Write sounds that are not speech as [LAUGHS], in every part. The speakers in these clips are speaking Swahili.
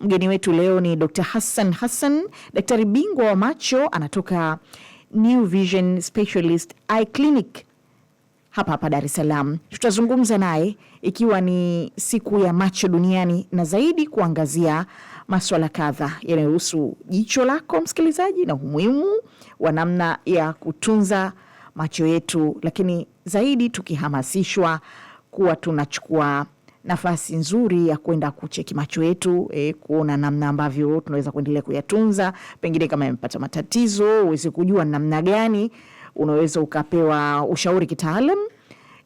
Mgeni wetu leo ni Dr. Hassan Hassan, daktari bingwa wa macho, anatoka New Vision Specialist Eye Clinic hapa hapa Dar es Salaam. Tutazungumza naye ikiwa ni siku ya macho duniani na zaidi kuangazia maswala kadha yanayohusu jicho lako msikilizaji, na umuhimu wa namna ya kutunza macho yetu, lakini zaidi tukihamasishwa kuwa tunachukua nafasi nzuri ya kwenda kucheki macho yetu eh, kuona namna ambavyo tunaweza kuendelea kuyatunza, pengine kama yamepata matatizo, uweze kujua namna gani unaweza ukapewa ushauri kitaalam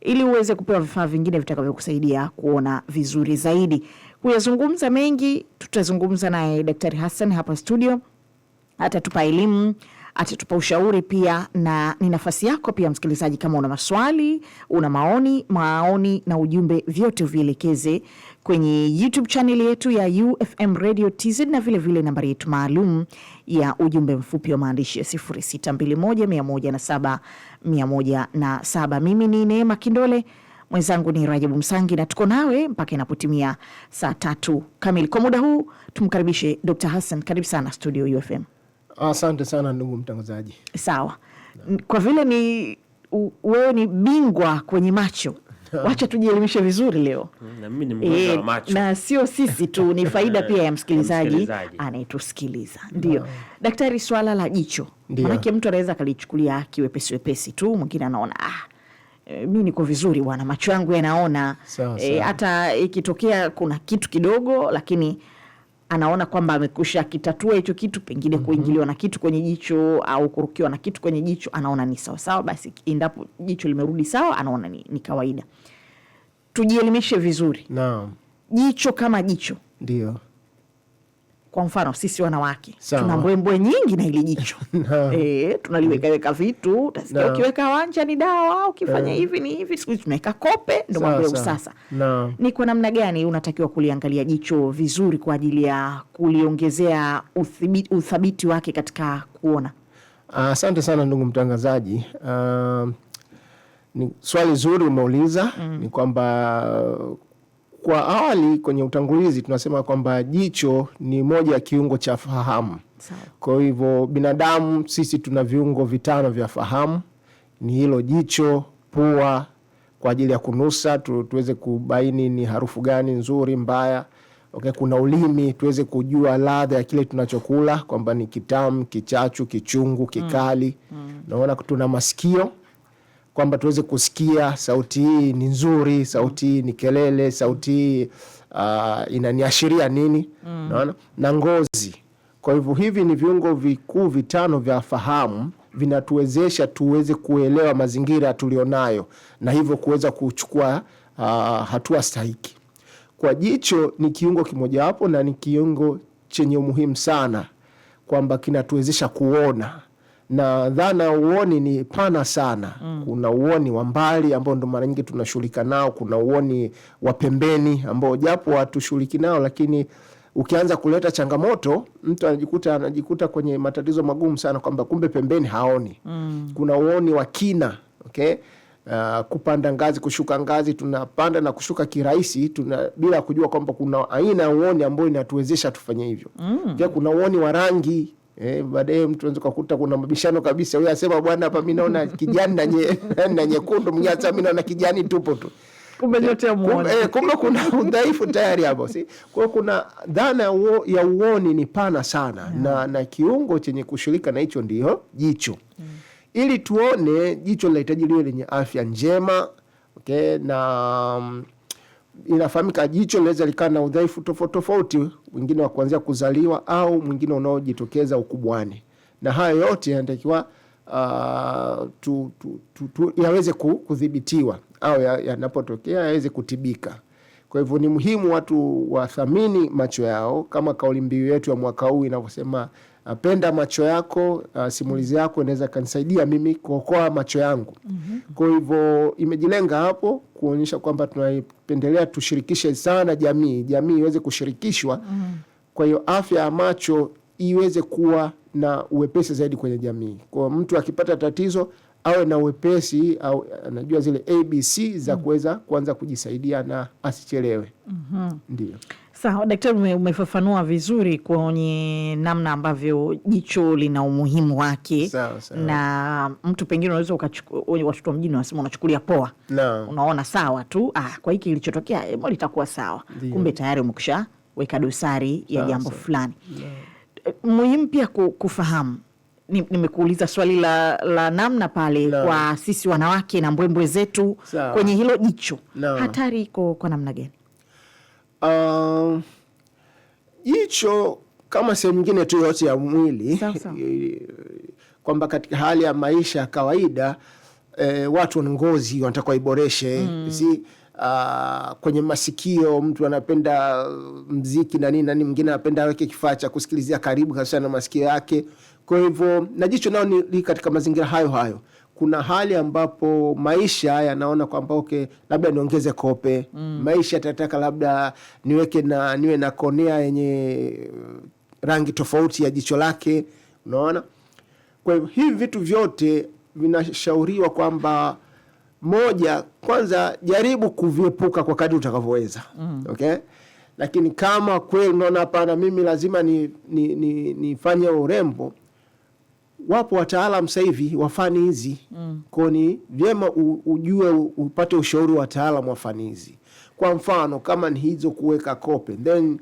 ili uweze kupewa vifaa vingine vitakavyokusaidia kuona vizuri zaidi. Kuyazungumza mengi, tutazungumza naye Daktari Hassan hapa studio, atatupa elimu atatupa ushauri pia, na ni nafasi yako pia msikilizaji, kama una maswali, una maoni, maoni na ujumbe, vyote uvielekeze kwenye YouTube channel yetu ya UFM Radio TZ na vilevile vile nambari yetu maalum ya ujumbe mfupi wa maandishi ya 0621 107 Mimi ni Neema Kindole, mwenzangu ni Rajabu Msangi na tuko nawe mpaka inapotimia saa tatu kamili. Kwa muda huu tumkaribishe Dr. Hassan. Karibu sana studio UFM. Asante sana ndugu mtangazaji. Sawa na. Kwa vile ni wewe ni bingwa kwenye macho [LAUGHS] wacha tujielimishe vizuri leo mm, na, e, na sio sisi tu, ni faida pia ya [LAUGHS] msikilizaji anayetusikiliza. Ndio no. Ah. Daktari, swala la jicho, manake mtu anaweza akalichukulia kiwepesi wepesi tu, mwingine anaona ah, eh, mi niko vizuri bwana, macho yangu yanaona eh, hata e, ikitokea kuna kitu kidogo lakini anaona kwamba amekusha akitatua hicho kitu, pengine mhm. kuingiliwa na kitu kwenye jicho au kurukiwa na kitu kwenye jicho, anaona ni sawa sawa. Basi endapo jicho limerudi sawa, anaona ni, ni kawaida. Tujielimishe vizuri Naam, Jicho kama jicho ndio kwa mfano sisi wanawake tuna mbwembwe nyingi na ili jicho [LAUGHS] no. [LAUGHS] E, tunaliwekaweka vitu utasikia no. Ukiweka wanja ni dawa, ukifanya no. Eh. hivi ni hivi, siku hizi tunaweka kope, ndo mambo ya usasa no. Ni kwa namna gani unatakiwa kuliangalia jicho vizuri kwa ajili ya kuliongezea uthabiti, wake katika kuona? Ah, asante uh, sana ndugu mtangazaji uh, ni swali zuri umeuliza mm. Ni kwamba kwa awali kwenye utangulizi tunasema kwamba jicho ni moja ya kiungo cha fahamu. Kwa hivyo binadamu sisi tuna viungo vitano vya fahamu, ni hilo jicho, pua kwa ajili ya kunusa tu, tuweze kubaini ni harufu gani nzuri mbaya. Okay, kuna ulimi tuweze kujua ladha ya kile tunachokula kwamba ni kitamu, kichachu, kichungu, kikali. Naona mm. mm. Naona tuna masikio kwamba tuweze kusikia sauti hii ni nzuri, sauti hii ni kelele, sauti hii uh, inaniashiria nini? mm. naona na ngozi. Kwa hivyo hivi ni viungo vikuu vitano vya fahamu vinatuwezesha tuweze kuelewa mazingira tulionayo na hivyo kuweza kuchukua uh, hatua stahiki. Kwa jicho ni kiungo kimojawapo na ni kiungo chenye umuhimu sana kwamba kinatuwezesha kuona na dhana uoni ni pana sana mm. Kuna uoni wa mbali ambao ndo mara nyingi tunashughulika nao, kuna uoni wa pembeni ambao japo hatushughuliki nao, lakini ukianza kuleta changamoto mtu anajikuta anajikuta kwenye matatizo magumu sana, kwamba kumbe pembeni haoni mm. Kuna uoni wa kina okay? Uh, kupanda ngazi, kushuka ngazi, tunapanda na kushuka kirahisi tuna, bila kujua kwamba kuna aina ya uoni ambayo inatuwezesha tufanye hivyo mm. Pia kuna uoni wa rangi Eh, baadaye mtu anaweza kukuta kuna mabishano kabisa. Huyu asema bwana, hapa mimi naona kijani na nye, [LAUGHS] na nyekundu, mwenye mimi naona kijani tupo tu. Kumbe eh, ya muone. Eh, kumbe kuna [LAUGHS] udhaifu tayari hapo, si? Kwa kuna dhana uo, ya uoni ni pana sana yeah. Na na kiungo chenye kushirika na hicho ndio jicho. yeah. Mm. Ili tuone jicho linahitaji liwe lenye afya njema, okay, na mm, inafahamika jicho linaweza likaa na udhaifu tofauti tofauti, wengine wa kuanzia kuzaliwa au mwingine unaojitokeza ukubwani, na hayo yote yanatakiwa uh, tu, tu, tu, tu, yaweze kudhibitiwa au yanapotokea ya yaweze kutibika. Kwa hivyo ni muhimu watu wathamini macho yao kama kauli mbiu yetu ya mwaka huu inavyosema penda macho yako. Uh, simulizi yako inaweza kanisaidia mimi kuokoa macho yangu. mm -hmm. Kwa hivyo imejilenga hapo kuonyesha kwamba tunaipendelea tushirikishe sana jamii, jamii iweze kushirikishwa. mm -hmm. Kwa hiyo afya ya macho iweze kuwa na uwepesi zaidi kwenye jamii, kwa mtu akipata tatizo awe na uwepesi au anajua uh, zile ABC za mhm. kuweza kuanza kujisaidia na asichelewe. mm -hmm. Ndio. Sawa daktari, ume, umefafanua vizuri kwenye namna ambavyo jicho lina umuhimu wake sawa, sawa. Na mtu pengine unaweza watoto wa mjini wanasema unachukulia poa no. Unaona sawa tu ah, kwa hiki kilichotokea litakuwa sawa Dio. Kumbe tayari umekusha weka dosari ya jambo fulani no. Muhimu pia kufahamu nimekuuliza ni swali la, la namna pale no. Kwa sisi wanawake na mbwembwe zetu Kwenye hilo jicho no. Hatari iko kwa namna gani? jicho um, uh, kama sehemu nyingine tu yote ya mwili [LAUGHS] eh, kwamba katika hali ya maisha ya kawaida eh, watu wana ngozi wanataka waiboreshe mm. si Uh, kwenye masikio mtu anapenda mziki na nini na mwingine anapenda aweke kifaa cha kusikilizia karibu kabisa na masikio yake. Kwa hivyo na jicho nao ni katika mazingira hayo hayo kuna hali ambapo maisha yanaona kwamba okay, labda niongeze kope mm. Maisha yatataka labda niweke na niwe na konea yenye uh, rangi tofauti ya jicho lake, unaona. Kwa hivyo hivi vitu vyote vinashauriwa kwamba moja, kwanza jaribu kuviepuka kwa kadri utakavyoweza mm. okay? Lakini kama kweli unaona hapana, mimi lazima nifanye ni, ni, ni urembo wapo wataalamu sasa hivi wa fani hizi mm. kwao ni vyema ujue upate ushauri wa wataalamu wa fani hizi. Kwa mfano kama ni hizo kuweka kope, then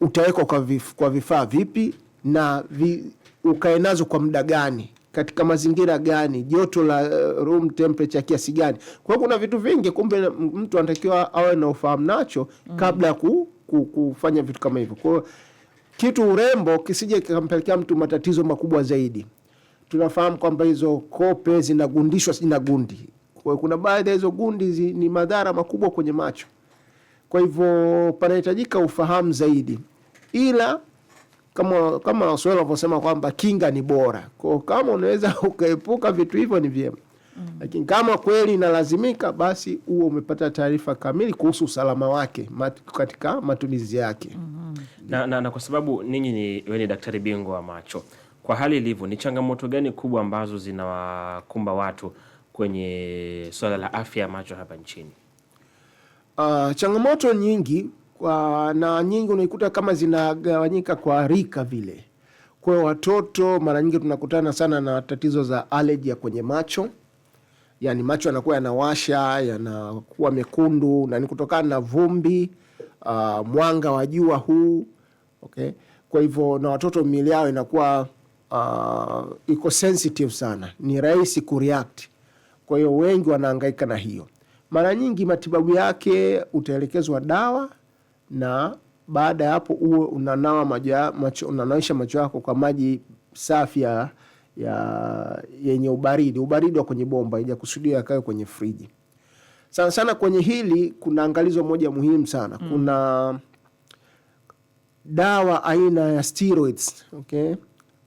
utawekwa kwa, vif, kwa vifaa vipi na vi, ukae nazo kwa muda gani, katika mazingira gani, joto la uh, room temperature kiasi gani. Kwa hiyo kuna vitu vingi, kumbe mtu anatakiwa awe na ufahamu nacho mm. kabla ya ku, ku, kufanya vitu kama hivyo. Kwa hiyo kitu urembo kisije kikampelekea mtu matatizo makubwa zaidi. Tunafahamu kwamba hizo kope zinagundishwa na gundi, kwa kuna baadhi ya hizo gundi zi, ni madhara makubwa kwenye macho, kwa hivyo panahitajika ufahamu zaidi, ila kama kama Waswahili wanavyosema kwamba kinga ni bora, kwa kama unaweza [LAUGHS] ukaepuka vitu hivyo ni vyema mm. Lakini kama kweli inalazimika, basi huo umepata taarifa kamili kuhusu usalama wake mat, katika matumizi yake mm -hmm. na, na, na kwa sababu ninyi ni wewe ni daktari bingwa wa macho, kwa hali ilivyo, ni changamoto gani kubwa ambazo zinawakumba watu kwenye swala la afya ya macho hapa nchini? Uh, changamoto nyingi kwa, na nyingi unaikuta kama zinagawanyika kwa rika vile. Kwa watoto mara nyingi tunakutana sana na tatizo za allergy ya kwenye macho yani macho yanakuwa yanawasha, yanakuwa mekundu na ni kutokana na vumbi, uh, mwanga wa jua huu okay. Kwa hivyo na watoto miili yao inakuwa uh, iko sensitive sana, ni rahisi kureact. Kwa hiyo wengi wanaangaika na hiyo. Mara nyingi matibabu yake utaelekezwa dawa, na baada ya hapo uwe unanawa macho, unanawisha macho yako kwa maji safi ya ya yenye ubaridi, ubaridi wa kwenye bomba, kusudia yakawe kwenye friji. Sana sana kwenye hili kuna angalizo moja muhimu sana mm. kuna dawa aina ya steroids, okay?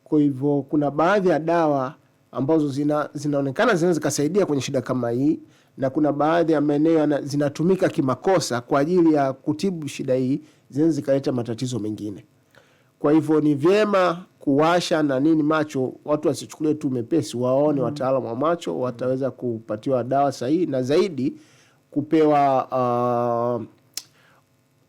Kwa hivyo kuna baadhi ya dawa ambazo zina, zinaonekana zinaweza zikasaidia kwenye shida kama hii, na kuna baadhi ya maeneo zinatumika kimakosa kwa ajili ya kutibu shida hii, zinaweza zikaleta matatizo mengine. Kwa hivyo ni vyema kuwasha na nini macho, watu wasichukulie tu mepesi, waone mm. Mm-hmm. wataalam wa macho wataweza kupatiwa dawa sahihi na zaidi kupewa uh,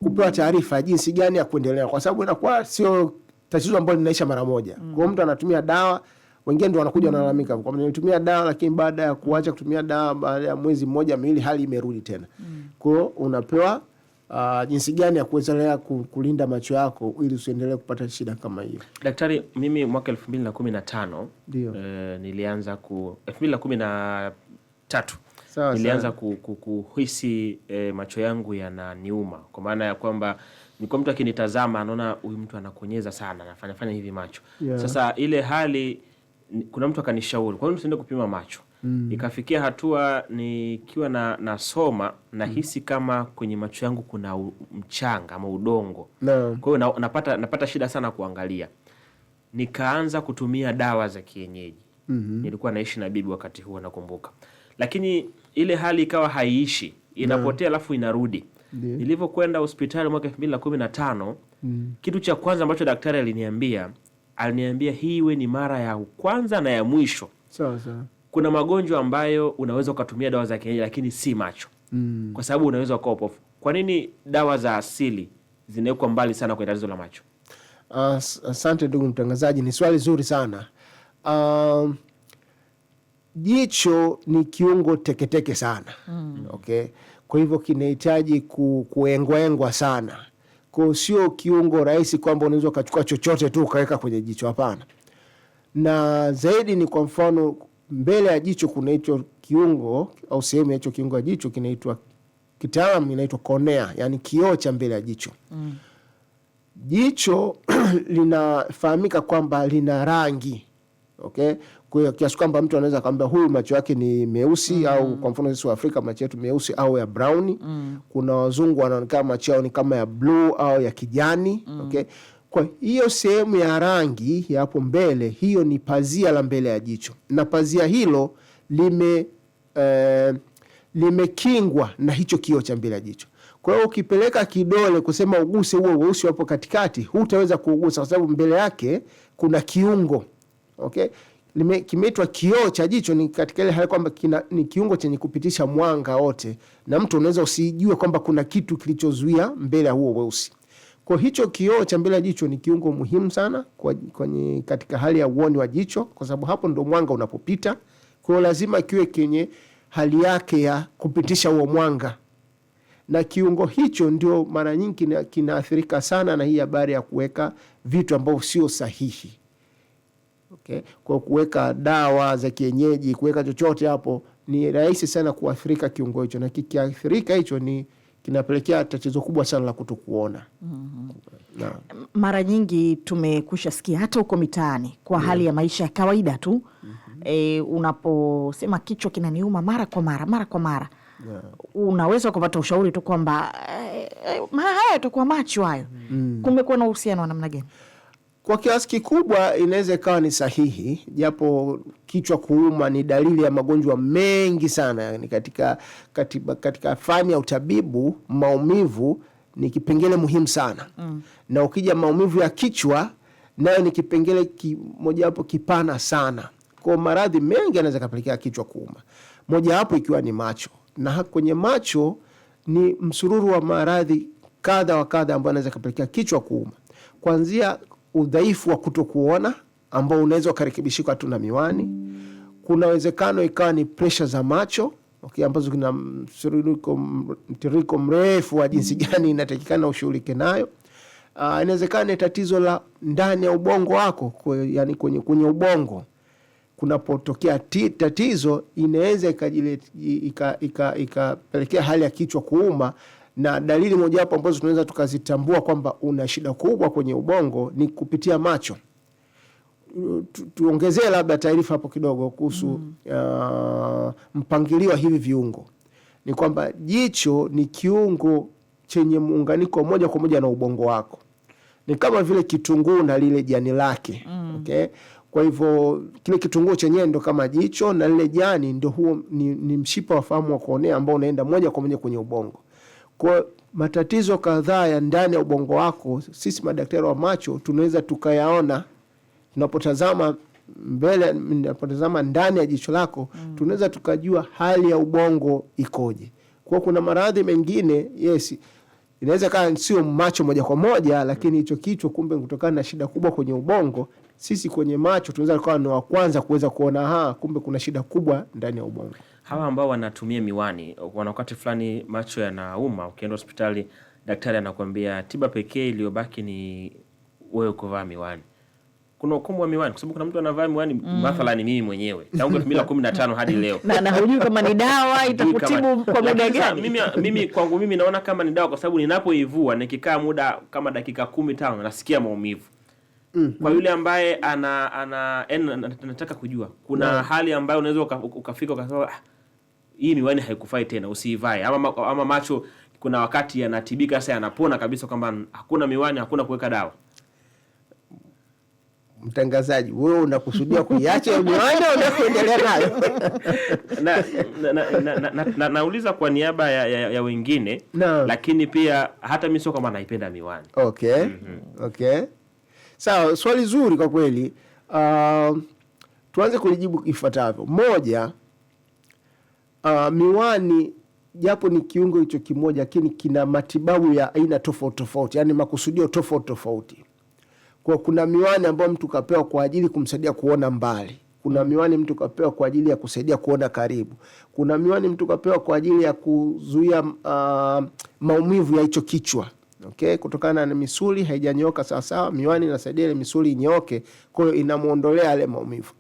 kupewa taarifa ya jinsi gani ya kuendelea, kwa sababu inakuwa sio tatizo ambalo linaisha mara moja mm. kwao mtu anatumia dawa, wengine ndo wanakuja mm. wanalalamika mm. kwamba nilitumia dawa, lakini baada ya kuacha kutumia dawa, baada ya mwezi mmoja miwili, hali imerudi tena mm. kwao unapewa uh, jinsi gani ya kuendelea kulinda macho yako ili usiendelee kupata shida kama hiyo. Daktari, mimi mwaka elfu mbili na kumi na tano eh, nilianza ku elfu mbili na kumi na tatu Sao, nilianza ku, ku, kuhisi e, macho yangu yananiuma kwa maana ya kwamba nilikuwa mtu akinitazama anaona huyu mtu anakonyeza sana anafanyafanya hivi macho yeah. Sasa ile hali kuna mtu akanishauri, kwa nini tuende kupima macho? mm. Ikafikia hatua nikiwa na nasoma mm. nahisi mm. kama kwenye macho yangu kuna mchanga ama udongo no. Kwa hiyo na, napata, napata shida sana kuangalia. Nikaanza kutumia dawa za kienyeji mm -hmm. Nilikuwa naishi na bibi wakati huo nakumbuka, lakini ile hali ikawa haiishi, inapotea no. alafu inarudi yeah. Nilivyokwenda hospitali mwaka elfu mbili na kumi na tano mm. kitu cha kwanza ambacho daktari aliniambia aliniambia hii iwe ni mara ya kwanza na ya mwisho. Sawa sawa kuna magonjwa ambayo unaweza ukatumia dawa za kienyeji lakini si macho mm. kwa sababu unaweza ukawa upofu. Kwa nini dawa za asili zinawekwa mbali sana kwenye tatizo la macho? Asante uh, ndugu mtangazaji, ni swali zuri sana uh, jicho ni kiungo teketeke sana mm. okay? kwa hivyo kinahitaji ku, kuengwaengwa sana ko sio kiungo rahisi kwamba unaweza ukachukua chochote tu ukaweka kwenye jicho, hapana. Na zaidi ni kwa mfano mbele ya jicho kuna hicho kiungo au sehemu ya hicho kiungo ya jicho kinaitwa kitaalam inaitwa konea, yani kioo cha mbele ya jicho mm. Jicho [CLEARS THROAT] linafahamika kwamba lina rangi okay? Kwa hiyo kiasi kwamba mtu anaweza kaambia huyu macho yake ni meusi mm. au kwa mfano sisi wa Afrika macho yetu meusi au ya brown mm. Kuna wazungu wanaonekana macho yao ni kama ya bluu au ya kijani mm. okay? Kwa hiyo sehemu ya rangi ya hapo mbele, hiyo ni pazia la mbele ya jicho, na pazia hilo lime eh, limekingwa na hicho kioo cha mbele ya jicho. Kwa hiyo ukipeleka kidole kusema uguse huo weusi hapo katikati, hutaweza kuugusa kwa sababu mbele yake kuna kiungo okay? Kimeitwa kioo cha jicho ni katika ile hali kwamba ni kiungo chenye kupitisha mwanga wote, na mtu unaweza usijue kwamba kuna kitu kilichozuia mbele ya huo weusi. Kwa hicho kioo cha mbele ya jicho ni kiungo muhimu sana kwa, kwenye, katika hali ya uoni wa jicho kwa sababu hapo ndo mwanga unapopita. Kwa hiyo lazima kiwe kwenye hali yake ya kupitisha huo mwanga, na kiungo hicho ndio mara nyingi kinaathirika sana na hii habari ya kuweka vitu ambavyo sio sahihi. Okay. Kwa kuweka dawa za kienyeji, kuweka chochote hapo, ni rahisi sana kuathirika kiungo hicho, na kikiathirika hicho ni kinapelekea tatizo kubwa sana la kutokuona. mm -hmm. mara nyingi tumekusha sikia hata huko mitaani kwa yeah. hali ya maisha ya kawaida tu mm -hmm. e, unaposema kichwa kinaniuma mara kwa mara mara kwa mara yeah. unaweza ukapata ushauri tu kwamba e, e, haya yatakuwa macho hayo. mm. kumekuwa na uhusiano wa namna gani? Kwa kiasi kikubwa inaweza ikawa ni sahihi, japo kichwa kuuma ni dalili ya magonjwa mengi sana. Yani katika, katika, katika fani ya utabibu maumivu ni kipengele muhimu sana mm. Na ukija maumivu ya kichwa nayo ni kipengele kimojawapo kipana sana, kwa maradhi mengi yanaweza kapelekea kichwa kuuma, mojawapo ikiwa ni macho, na kwenye macho ni msururu wa maradhi kadha wa kadha ambayo anaweza kapelekea kichwa kuuma kuanzia udhaifu wa kutokuona ambao unaweza ukarekebishika tu na miwani. Kuna uwezekano ikawa ni presha za macho okay, ambazo kina mtiririko mrefu wa jinsi mm. gani inatakikana ushughulike nayo. Uh, inawezekana tatizo la ndani ya ubongo wako kwe, yani kwenye, kwenye ubongo kunapotokea tatizo inaweza ikapelekea hali ya kichwa kuuma na dalili mojawapo ambazo tunaweza tukazitambua kwamba una shida kubwa kwenye ubongo ni kupitia macho. Tu, tuongezee labda taarifa hapo kidogo kuhusu mm. uh, mpangilio wa hivi viungo. Ni kwamba jicho ni kiungo chenye muunganiko moja kwa moja na ubongo wako, ni kama vile kitunguu na lile jani lake mm. okay? Kwa hivyo kile kitunguu chenyewe ndo kama jicho na lile jani ndo huo ni, ni mshipa wa fahamu wa kuonea ambao unaenda moja kwa moja kwenye ubongo kwa matatizo kadhaa ya ndani ya ubongo wako. Sisi madaktari wa macho tunaweza tukayaona tunapotazama mbele, napotazama ndani ya jicho lako mm. tunaweza tukajua hali ya ubongo ikoje. Kwa kuna maradhi mengine yes, inaweza kaa sio macho moja kwa moja, lakini hicho kichwa kumbe kutokana na shida kubwa kwenye ubongo sisi kwenye macho tunaweza tukawa ni wa kwanza kuweza kuona ha, kumbe kuna shida kubwa ndani ya ubongo. Hawa ambao wanatumia miwani, wana wakati fulani macho yanauma, ukienda hospitali daktari anakuambia tiba pekee iliyobaki ni wewe kuvaa miwani. Kuna ukomo wa miwani, kwa sababu kuna mtu anavaa miwani mm. Mathalani mimi mwenyewe tangu elfu mbili na kumi na tano hadi [LAUGHS] leo na hujui kama ni dawa itakutibu kwa muda gani. Mimi, mimi kwangu mimi naona kama ni dawa, kwa sababu ninapoivua nikikaa muda kama dakika kumi tano nasikia maumivu Mm -hmm. Kwa yule ambaye ana, ana, ana, nataka kujua kuna no. Mm. hali ambayo unaweza uka, ukafika ukasema ah, hii miwani haikufai tena, usiivae. Ama, ama macho kuna wakati yanatibika, sasa yanapona kabisa, kwamba hakuna miwani, hakuna kuweka dawa. Mtangazaji, wewe unakusudia kuiacha miwani au kuendelea nayo? [LAUGHS] na nauliza kwa niaba ya, ya, ya wengine no. Lakini pia hata mi sio kwamba naipenda miwani. Okay, mm -hmm. Okay, sawa, swali zuri kwa kweli. Uh, tuanze kulijibu ifuatavyo: moja, uh, miwani japo ni kiungo hicho kimoja, lakini kina matibabu ya aina tofauti tofauti, yani makusudio tofauti tofauti. Kwa kuna miwani ambayo mtu kapewa kwa ajili kumsaidia kuona mbali, kuna miwani mtu kapewa kwa ajili ya kusaidia kuona karibu, kuna miwani mtu kapewa kwa ajili ya kuzuia uh, maumivu ya hicho kichwa. Okay, kutokana na misuli haijanyoka sawasawa, miwani inasaidia ile misuli inyooke, kwa hiyo inamwondolea yale maumivu.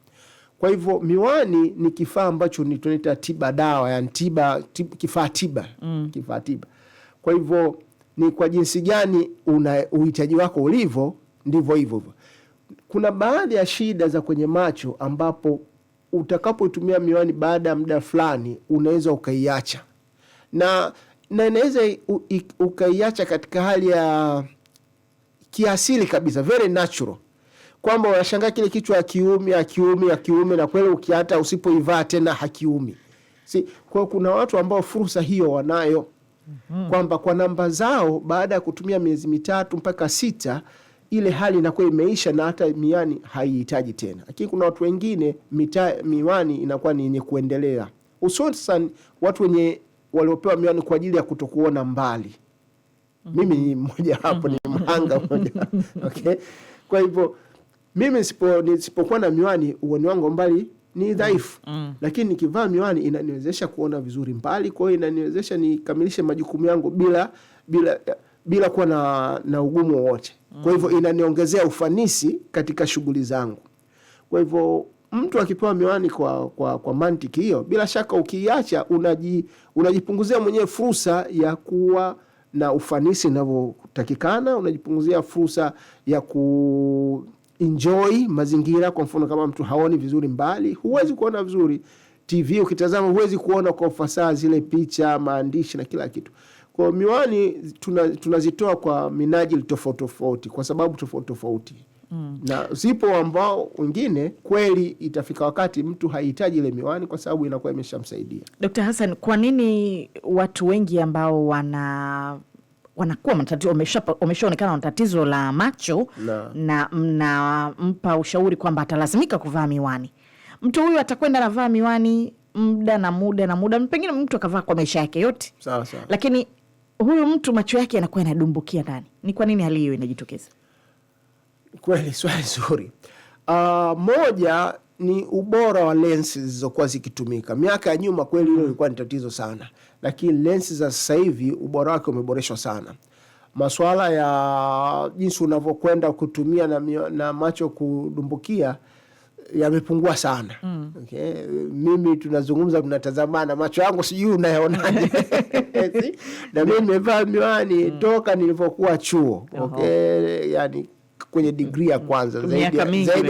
Kwa hivyo miwani ni kifaa ambacho ni tunaita tiba dawa, yani tiba, tiba, kifaa tiba mm. kifaa tiba. Kwa hivyo ni kwa jinsi gani una uhitaji wako ulivyo ndivyo hivyo. Kuna baadhi ya shida za kwenye macho ambapo utakapotumia miwani baada ya muda fulani unaweza ukaiacha, na na inaweza ukaiacha katika hali ya kiasili kabisa, very natural kwamba unashangaa kile kichwa akiumi akiumi akiumi, na kweli ukiata usipoivaa tena hakiumi. Si kwa kuna watu ambao fursa hiyo wanayo mhm. kwamba kwa namba zao, baada ya kutumia miezi mitatu mpaka sita, ile hali inakuwa imeisha na hata miani haihitaji tena. Lakini kuna watu wengine mita, miwani inakuwa ni yenye kuendelea, hususan watu wenye waliopewa miwani kwa ajili ya kutokuona mbali. Mimi mhm. ni mmoja wapo, ni mhm. mhanga mmoja [LAUGHS] okay. Kwa hivyo mimi nisipokuwa na miwani uoni wangu mbali ni mm. dhaifu mm. mm. Lakini nikivaa miwani inaniwezesha kuona vizuri mbali, kwa hiyo inaniwezesha nikamilishe majukumu yangu bila bila bila kuwa na, na ugumu wowote mm. Kwa hivyo inaniongezea ufanisi katika shughuli zangu. Kwa hivyo mtu akipewa miwani kwa, kwa, kwa mantiki hiyo, bila shaka ukiiacha unaji, unajipunguzia mwenyewe fursa ya kuwa na ufanisi inavyotakikana, unajipunguzia fursa ya ku enjoy mazingira. Kwa mfano kama mtu haoni vizuri mbali, huwezi kuona vizuri TV ukitazama, huwezi kuona kwa ufasaha zile picha, maandishi na kila kitu. Kwa miwani tunazitoa tuna kwa minajili tofauti tofauti, kwa sababu tofauti tofauti mm. na zipo ambao wengine kweli itafika wakati mtu haihitaji ile miwani kwa sababu inakuwa imeshamsaidia. Dkt. Hassan, kwa nini watu wengi ambao wana wanakuwa wameshaonekana na tatizo la macho na, na mnampa ushauri kwamba atalazimika kuvaa miwani, mtu huyu atakwenda anavaa miwani muda na muda na muda, pengine mtu akavaa kwa maisha yake yote sawa sawa, lakini huyu mtu macho yake yanakuwa yanadumbukia ndani. Ni kwa nini hali hiyo inajitokeza? Kweli swali zuri. Uh, ah, moja ni ubora wa lensi zilizokuwa zikitumika miaka ya nyuma. Kweli hilo mm. lilikuwa ni tatizo sana, lakini lensi za sasa hivi ubora wake umeboreshwa sana. Masuala ya jinsi unavyokwenda kutumia na, na macho kudumbukia yamepungua sana mm. Okay. Mimi tunazungumza tunatazamana, macho yangu sijui unayaonaje? [LAUGHS] [LAUGHS] na mimi nimevaa miwani mm. toka nilivyokuwa chuo okay. Yani kwenye mm-hmm. digrii ya kwanza zaidi ya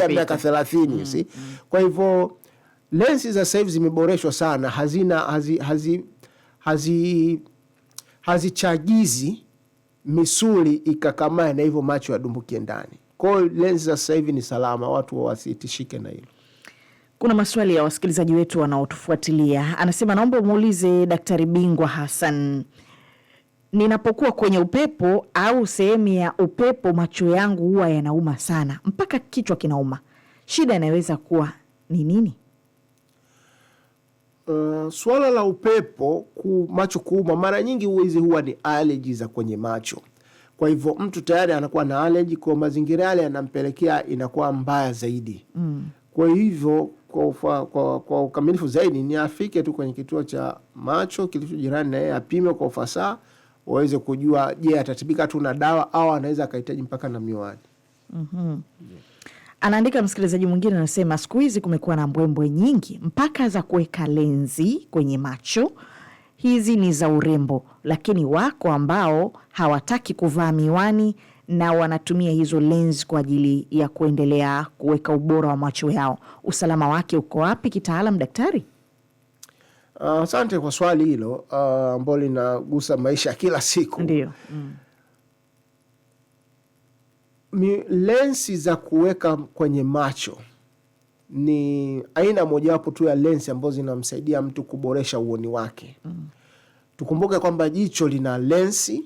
miaka thelathini. Mm-hmm. Si mm-hmm. kwa hivyo lensi za sahivi zimeboreshwa sana, hazina hazichagizi hazi, hazi, hazi misuli ikakamae na hivyo macho yadumbukie ndani. Kwa hiyo lensi za sasa ni salama, watu wasitishike na hilo. Kuna maswali ya wasikilizaji wetu wanaotufuatilia, anasema naomba umuulize daktari bingwa Hassan ninapokuwa kwenye upepo au sehemu ya upepo, macho yangu huwa yanauma sana mpaka kichwa kinauma. Shida inaweza kuwa ni nini? Uh, suala la upepo ku, macho kuuma mara nyingi huwezi huwa ni aleji za kwenye macho. Kwa hivyo mtu tayari anakuwa na aleji kwa mazingira yale yanampelekea inakuwa mbaya zaidi mm. Kwa hivyo kwa, kwa, kwa ukamilifu zaidi ni afike tu kwenye kituo cha macho kilicho jirani na yeye apime kwa ufasaha waweze kujua, je, atatibika tu na dawa au anaweza akahitaji mpaka na miwani. mm -hmm. yeah. Anaandika msikilizaji mwingine anasema, siku hizi kumekuwa na mbwembwe nyingi mpaka za kuweka lenzi kwenye macho. Hizi ni za urembo, lakini wako ambao hawataki kuvaa miwani na wanatumia hizo lenzi kwa ajili ya kuendelea kuweka ubora wa macho yao. Usalama wake uko wapi kitaalam, daktari? Ah, asante uh, kwa swali hilo ah, ambao uh, linagusa maisha ya kila siku. Ndio. Mm. Lensi za kuweka kwenye macho ni aina mojawapo tu ya lensi ambazo zinamsaidia mtu kuboresha uoni wake. Mm. Tukumbuke kwamba jicho lina lensi,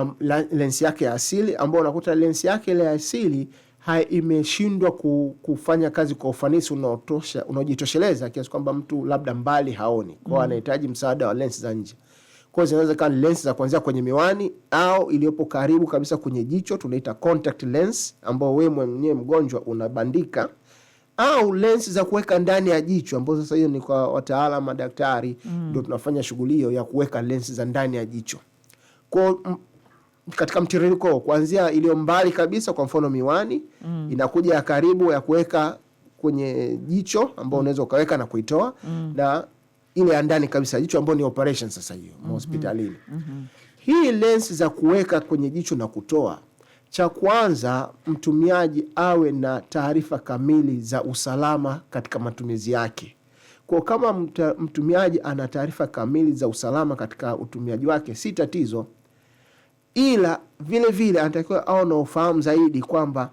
um, lensi yake ya asili ambayo unakuta lensi yake ile ya asili imeshindwa kufanya kazi kwa ufanisi unaotosha unaojitosheleza kiasi kwamba mtu labda mbali haoni kwao, mm. anahitaji msaada wa lensi za nje. Kwa hiyo zinaweza kuwa lensi za kuanzia kwenye miwani au iliyopo karibu kabisa kwenye jicho, tunaita contact lens, ambao wewe mwenyewe mgonjwa unabandika au lensi za kuweka ndani ya jicho ambazo sasa hiyo ni kwa wataalamu madaktari, mm. ndio mm. tunafanya shughuli hiyo ya kuweka lensi za ndani ya jicho katika mtiririko kuanzia iliyo mbali kabisa, kwa mfano miwani mm. inakuja ya karibu ya kuweka kwenye jicho ambao unaweza ukaweka na kuitoa mm. na ile ya ndani kabisa jicho ambayo ni operation sasa hiyo mm-hmm. hospitalini. mm -hmm. mm -hmm. Hii lens za kuweka kwenye jicho na kutoa, cha kwanza mtumiaji awe na taarifa kamili za usalama katika matumizi yake. Kwa kama mtumiaji ana taarifa kamili za usalama katika utumiaji wake, si tatizo ila vile vile anatakiwa au na ufahamu zaidi kwamba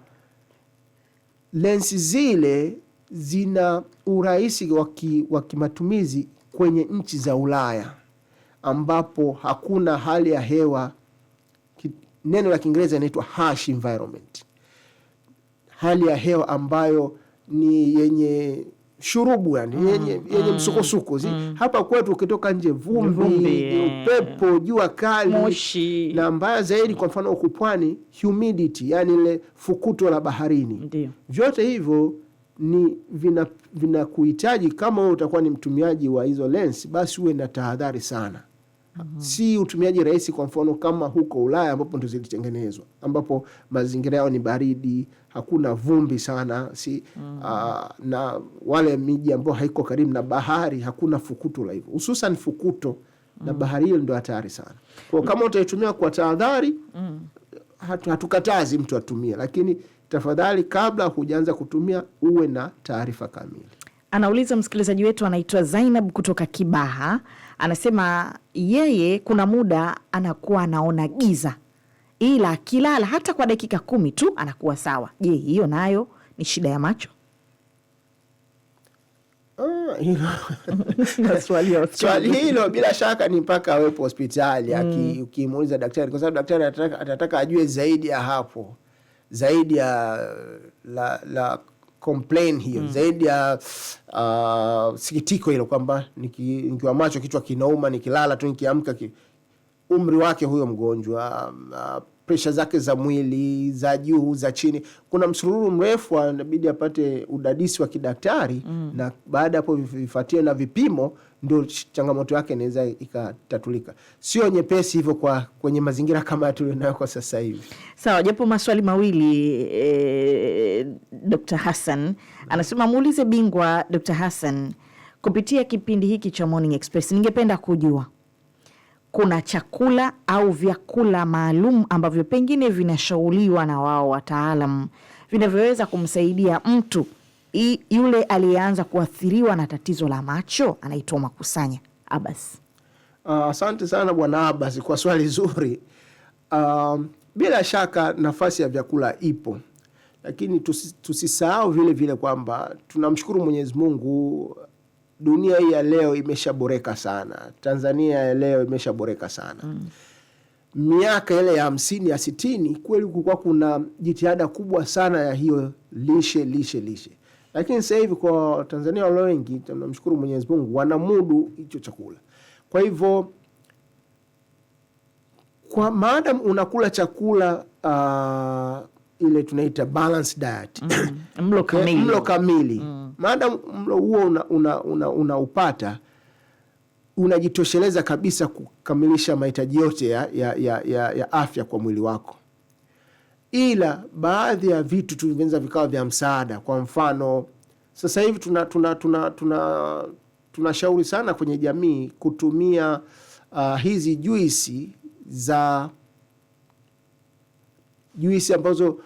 lensi zile zina urahisi wa kimatumizi kwenye nchi za Ulaya ambapo hakuna hali ya hewa, neno la Kiingereza inaitwa harsh environment, hali ya hewa ambayo ni yenye shurubu yani mm, yenye, yenye mm, msukosuko mm. Hapa kwetu ukitoka nje vumbi, eh. upepo, jua kali, moshi, na mbaya zaidi, kwa mfano huku pwani humidity, yani ile fukuto la baharini. Ndiyo. Vyote hivyo ni vinakuhitaji vina, kama utakuwa ni mtumiaji wa hizo lens, basi uwe na tahadhari sana. -hmm. si utumiaji rahisi, kwa mfano kama huko Ulaya ambapo ndo zilitengenezwa, ambapo mazingira yao ni baridi, hakuna vumbi sana si, mm -hmm. aa, ah, na wale miji ambao haiko karibu na bahari, hakuna fukuto la hivyo, hususan fukuto na mhm. bahari hiyo ndio hatari sana. Kwa kama utaitumia kwa tahadhari, -hmm. hatukatazi mtu atumie, lakini tafadhali kabla hujaanza kutumia uwe na taarifa kamili. Anauliza msikilizaji wetu anaitwa Zainab kutoka Kibaha anasema yeye kuna muda anakuwa anaona giza, ila akilala hata kwa dakika kumi tu anakuwa sawa. Je, hiyo nayo ni shida ya macho? Mm, [LAUGHS] swali hilo bila shaka ni mpaka awepo hospitali mm. Ukimuuliza daktari, kwa sababu daktari atataka ajue zaidi ya hapo zaidi ya la, la complain hiyo mm. zaidi ya uh, sikitiko hilo kwamba nikiwa macho kichwa kinauma, nikilala tu nikiamka ki, umri wake huyo mgonjwa um, uh, presha zake za mwili za juu za chini, kuna msururu mrefu, anabidi apate udadisi wa kidaktari mm. na baada hapo vifuatie na vipimo, ndio changamoto yake inaweza ikatatulika. Sio nyepesi hivyo kwa kwenye mazingira kama tulionayo kwa sasa hivi. Sawa, japo maswali mawili e, eh, Dr. Hassan anasema muulize bingwa Dr. Hassan kupitia kipindi hiki cha Morning Express, ningependa kujua kuna chakula au vyakula maalum ambavyo pengine vinashauliwa na wao wataalam vinavyoweza kumsaidia mtu i, yule aliyeanza kuathiriwa na tatizo la macho anaitwa Makusanya abas ah, Asante uh, sana Bwana Abbas kwa swali zuri. Uh, bila shaka nafasi ya vyakula ipo, lakini tusisahau tusi vile vile kwamba tunamshukuru Mwenyezi Mungu dunia hii ya leo imeshaboreka sana, Tanzania ya leo imeshaboreka sana mm. Miaka ile ya hamsini ya sitini kweli kulikuwa kuna jitihada kubwa sana ya hiyo lishe lishe lishe, lakini sasa hivi kwa Watanzania walio wengi, tunamshukuru Mwenyezi Mungu, wanamudu hicho chakula. Kwa hivyo kwa maadam unakula chakula uh, ile tunaita diet, mm. mlo kamili, mlo kamili. Mm maada mlo huo unaupata una, una, una unajitosheleza kabisa kukamilisha mahitaji yote ya, ya, ya, ya, ya afya kwa mwili wako, ila baadhi ya vitu tu vinaweza vikawa vya msaada. Kwa mfano sasa hivi tuna, tuna, tuna, tuna tunashauri sana kwenye jamii kutumia uh, hizi juisi za juisi ambazo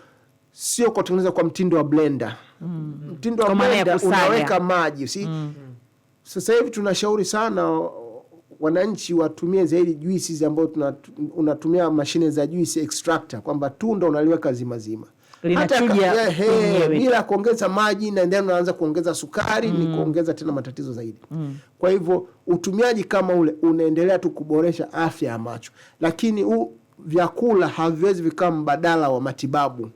sio kutengeneza kwa mtindo wa blender mm. mtindo wa blender unaweka maji si mm. Sasa hivi tunashauri sana wananchi watumie zaidi juisi ambayo unatumia mashine za juisi extractor, kwamba tunda unaliweka zimazima eh, eh, bila kuongeza maji, na ndio unaanza kuongeza sukari mm. ni kuongeza tena matatizo zaidi mm. Kwa hivyo utumiaji kama ule unaendelea tu kuboresha afya ya macho, lakini u, vyakula haviwezi vikawa mbadala wa matibabu.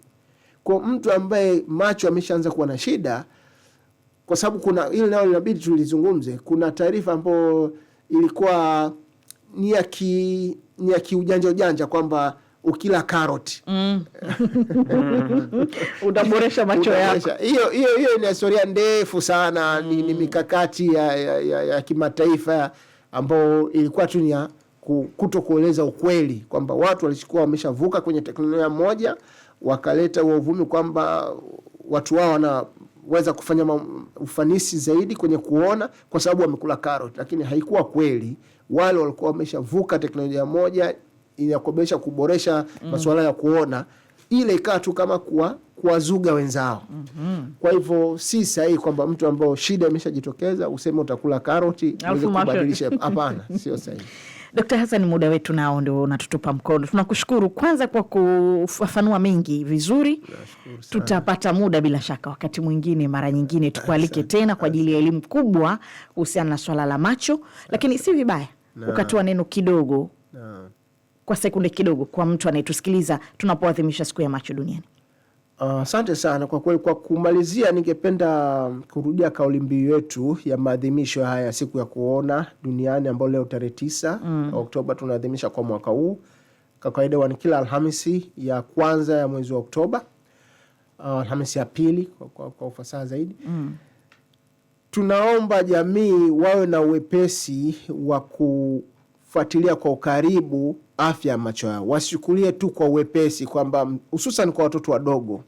Kwa mtu ambaye macho ameshaanza kuwa na shida, kwa sababu kuna ili nao linabidi tulizungumze. Kuna taarifa ambayo ilikuwa ni ya ki ni ya kiujanja ujanja kwamba ukila karoti mm. [LAUGHS] utaboresha macho yako. Hiyo hiyo hiyo ni historia ndefu sana mm. ni, ni mm. mikakati ya, ya, ya, ya kimataifa ambayo ilikuwa tu ni ya kuto kueleza ukweli kwamba watu walichukua wameshavuka kwenye teknolojia moja wakaleta uvumi kwamba watu wao wanaweza kufanya ufanisi zaidi kwenye kuona kwa sababu wamekula karoti, lakini haikuwa kweli. Wale walikuwa wameshavuka teknolojia moja inakobesha kuboresha mm. masuala ya kuona, ile ikawa tu kama kuwa kuwazuga wenzao mm -hmm. Kwa hivyo si sahihi kwamba mtu ambao shida imeshajitokeza useme utakula karoti kubadilisha. Hapana, sio sahihi. [LAUGHS] Dkt. Hassan, muda wetu nao ndio unatutupa mkono. Tunakushukuru kwanza kwa kufafanua mengi vizuri. Tutapata muda bila shaka wakati mwingine, mara nyingine tukualike tena kwa ajili ya elimu kubwa kuhusiana na swala la macho, lakini si vibaya ukatoa neno kidogo na, kwa sekunde kidogo kwa mtu anayetusikiliza tunapoadhimisha siku ya macho duniani. Ah, asante uh, sana kwa kweli. Kwa kumalizia, ningependa kurudia kauli mbiu yetu ya maadhimisho haya ya siku ya kuona duniani ambayo leo tarehe tisa mm. Oktoba tunaadhimisha kwa mwaka huu. Kwa kawaida kila Alhamisi ya kwanza ya mwezi wa Oktoba, uh, Alhamisi ya pili kwa, kwa, kwa ufasaha zaidi mm. Tunaomba jamii wawe na uwepesi wa kufuatilia kwa ukaribu afya ya macho yao, wasichukulie tu kwa uwepesi kwamba, hususan kwa watoto wadogo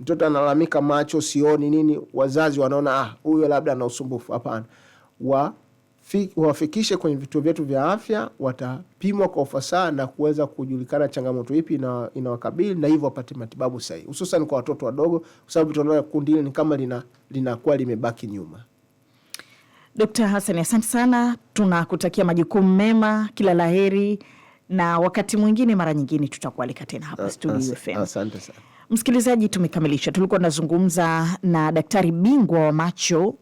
Mtoto analalamika macho, sioni nini, wazazi wanaona ah, huyo labda ana usumbufu. Hapana, wafikishe kwenye vituo vyetu vya afya, watapimwa kwa ufasaha na kuweza kujulikana changamoto ipi inawakabili na hivyo wapate matibabu sahihi, hususan kwa watoto wadogo, kwa sababu tunaona kundi hili ni kama linakuwa lina limebaki nyuma. Dkt. Hassan, asante sana, tunakutakia majukumu mema, kila laheri, na wakati mwingine, mara nyingine tutakualika tena hapa Studio FM. Asante sana. Msikilizaji, tumekamilisha. Tulikuwa tunazungumza na daktari bingwa wa macho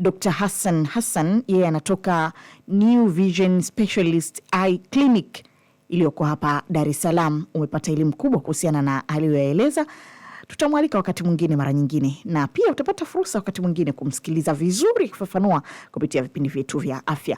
Dr. Hassan Hassan, yeye anatoka New Vision Specialist Eye Clinic iliyoko hapa Dar es Salaam. Umepata elimu kubwa kuhusiana na aliyoyaeleza. Tutamwalika wakati mwingine, mara nyingine, na pia utapata fursa wakati mwingine kumsikiliza vizuri, kufafanua kupitia vipindi vyetu vya afya.